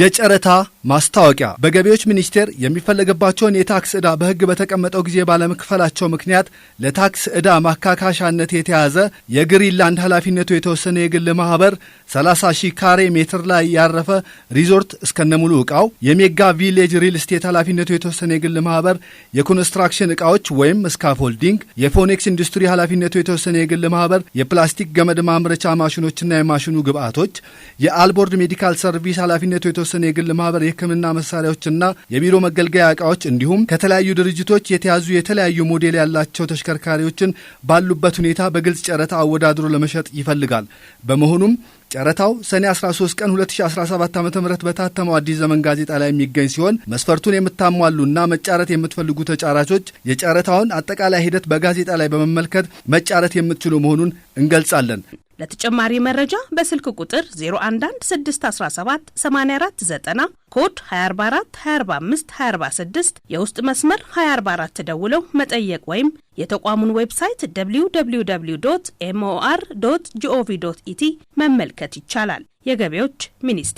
የጨረታ ማስታወቂያ በገቢዎች ሚኒስቴር የሚፈለግባቸውን የታክስ ዕዳ በሕግ በተቀመጠው ጊዜ ባለመክፈላቸው ምክንያት ለታክስ ዕዳ ማካካሻነት የተያዘ የግሪንላንድ ኃላፊነቱ የተወሰነ የግል ማህበር 30 ሺህ ካሬ ሜትር ላይ ያረፈ ሪዞርት እስከነሙሉ ዕቃው የሜጋ ቪሌጅ ሪል ስቴት ኃላፊነቱ የተወሰነ የግል ማኅበር የኮንስትራክሽን ዕቃዎች ወይም ስካፎልዲንግ፣ የፎኔክስ ኢንዱስትሪ ኃላፊነቱ የተወሰነ የግል ማኅበር የፕላስቲክ ገመድ ማምረቻ ማሽኖችና የማሽኑ ግብዓቶች፣ የአልቦርድ ሜዲካል ሰርቪስ ኃላፊነቱ የተወሰነ የግል ማህበር የህክምና መሳሪያዎችና የቢሮ መገልገያ እቃዎች እንዲሁም ከተለያዩ ድርጅቶች የተያዙ የተለያዩ ሞዴል ያላቸው ተሽከርካሪዎችን ባሉበት ሁኔታ በግልጽ ጨረታ አወዳድሮ ለመሸጥ ይፈልጋል። በመሆኑም ጨረታው ሰኔ 13 ቀን 2017 ዓ ም በታተመው አዲስ ዘመን ጋዜጣ ላይ የሚገኝ ሲሆን መስፈርቱን የምታሟሉና መጫረት የምትፈልጉ ተጫራቾች የጨረታውን አጠቃላይ ሂደት በጋዜጣ ላይ በመመልከት መጫረት የምትችሉ መሆኑን እንገልጻለን። ለተጨማሪ መረጃ በስልክ ቁጥር 0116178490 ኮድ 244 የውስጥ መስመር 244 ደውለው መጠየቅ ወይም የተቋሙን ዌብሳይት www ጂኦቪ ኢቲ መመልከት ይቻላል። የገቢዎች ሚኒስቴር